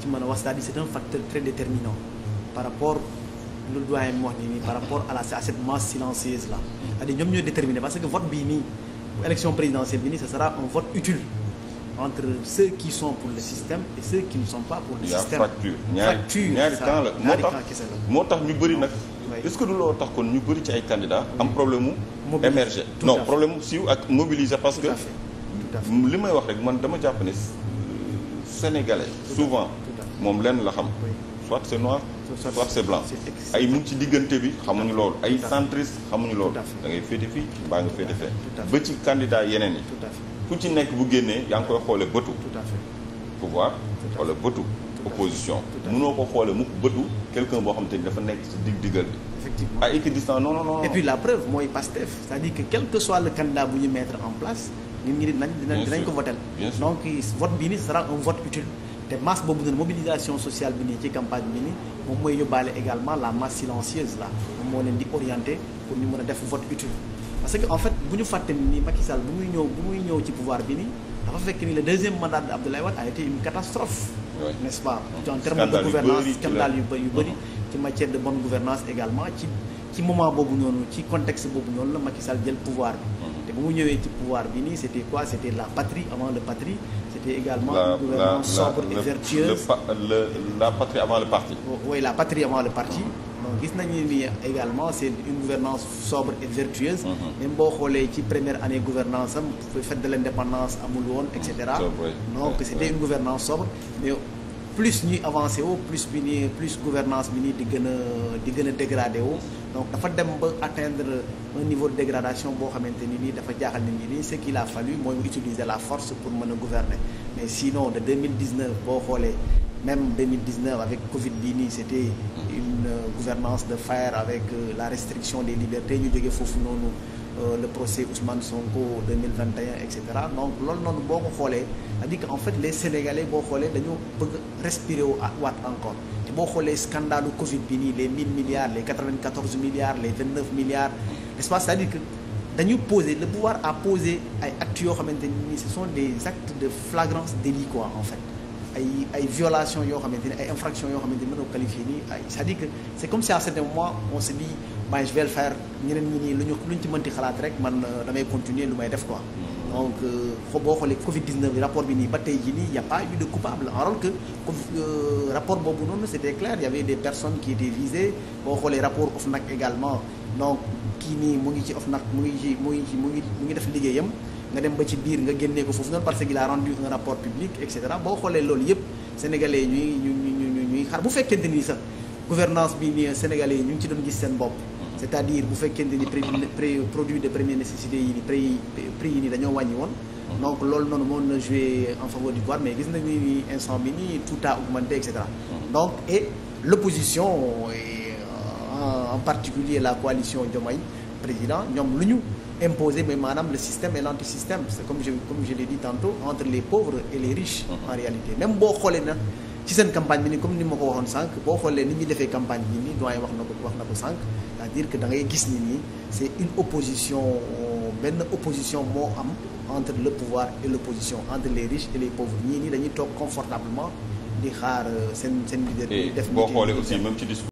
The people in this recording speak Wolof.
ci mën a wax c'est-à-dire c'est un facteur très déterminant par rapport lu doyen wax nii nii par rapport à la à cette masse silencieuse là cest ñoom ñooy déterminer parce que vote bii nii élection présidentielle bi nii ce sera un vote utile entre ceux qui sont pour le système et ceux qui ne sont pas pour le système ñaari facture ñaari temps la moo tax moo tax ñu bëri nag est-ce que du loo tax kon ñu bëri ci ay candidats am problème mu émerger non mu siiw ak mobiliser parce que li may wax rek man dama jàpp sénégalais souvent moom lenn la xam soit c'est noir soit c'est blanc ay mu ci diggante bi xamuñu loolu ay centriste xamuñu loolu da ngay féete fii mbaa nga féete fee ba ci candidat yeneen yi ku ci nekk bu génnee yaa ngi koy xoole bëtu pouvoir wala bëtu opposition mënoo ko xoole mukk bëtu quelqu'un boo xam te ni dafa nekk ci dig digal bi effectivement à équidistance la preuve mooy Pastef cest dire que quel que soit le candidat bu ñu mettre en place ñun ñi dinañ dinañ ko votel donc vote bii ni sera un vote utile te masse boobu noonu mobilisation sociale bi nii ci campagne bi nii moom mooy yóbbaale également la masse silencieuse là moo leen di orienté pour ñu mën a def vote utile parce que en fait bu ñu fàtte ni Macky Sall bu muy ñëw bu muy ñëw ci pouvoir bi nii dafa fekk ni le deuxième mandat de Abdoulaye Wade a été une catastrophe n'est-ce pas en termes gouvernance scandale yu bëri yu bëri ci matière de bonne ci ci moment boobu noonu ci contexte boobu noonu la Macky Sall jël pouvoir bi mm. bu mu ñëwee ci pouvoir bi nii c'était quoi c'était la patrie avant le patrie c'était également la, une gouvernance sobre et vertueuse la patrie avant le parti oh, oui la patrie avant le parti donc gis nañu ni également c'est une gouvernance sobre et vertueuse mm-hmm. même boo xoolee ci première année gouvernance am fête de l'indépendance amul woon et cetera donc c'était une gouvernance sobre mais plus ñuy avancé wu plus bi nii plus gouvernance bi nii di gën a di gën a dégradé wu donc dafa dem ba atteindre un niveau de dégradation boo xamante ni nii dafa jaaxal nit ñi nii ce qu'il a fallu mooy utiliser la force pour mën a gouverner mais sinon de 2019 boo xoolee même 2019 avec Covid bii nii c'était une gouvernance de fer avec euh, la restriction des libertés ñu jóge foofu noonu Euh, le procès Ousmane Sonko 2021 et cetera donc loolu noonu boo ko xoolee c'est-à-dire que en fait les sénégalais boo xoolee dañoo bëgg respirer wu encore te boo xoolee scandalu Covid bi nii les 1000 milliards les 94 milliards les 29 milliards n'est-ce pas c'est-à-dire que dañu poser le pouvoir a posé ay actes yoo xamante ni ce sont des actes de flagrance délit quoi en fait ay ay yoo xamante ni ay infractions yoo xamante ni mën na ko qualifier nii ay c'est-à-dire que c'est comme man je vais ñeneen ñi nii lu ñu lu ñu ci mënti xalaat rek man euh, damay continuer lu may def quoi. donc xo euh, boo xoolee Covid 19 bi rapport bi nii ba tey jii nii y' a pas eu de coupable alors que euh, rapport boobu noonu c' était clair y' avait des personnes qui étaient visées boo xoolee rapport OFNAC également donc kii nii mu ngi ci OFNAC mu ngi ci mu ngi ci mu ngi mu ngi def liggéeyam nga dem ba ci biir nga génnee ko foofu noonu parce qu'il a rendu un rapport public et cetera xoolee loolu yëpp sénégalais yi ñuy ñuy ñuy ñuy bu fekkente ni sax gouvernance bi nii sénégalais yi ñu ngi ci doon gis seen bopp. c'est-à-dire bu fekkente ni prix produit de première nécessité yi ni prix ni dañoo wàññi woon mm-hmm. donc loolu noonu mën na jouer en faveur du pouvoir mais gis nañu instant bi ni tout a augmenté et cetera mm-hmm. donc et l'opposition et euh, en particulier la coalition Diomaye président ñoom lu ñu imposé mais maanaam le système et l'antisystème c'est comme je comme je l'ai dit tantôt entre les pauvres et les riches mm-hmm. en réalité même boo xoolee na ci seen campagne bi ni comme ni ma ko waxoon sànq boo xoolee ni ñuy defee campagne bi nii doyen wax na ko wax na ko sànq c'est-à-dire que da gis ni nii c'est une opposition benn opposition moo am entre le pouvoir et l'opposition entre les riches et les pauvres ñi nii dañuy toog confortablement di xaar euh, seen seen leader def boo xoolee aussi même ci discours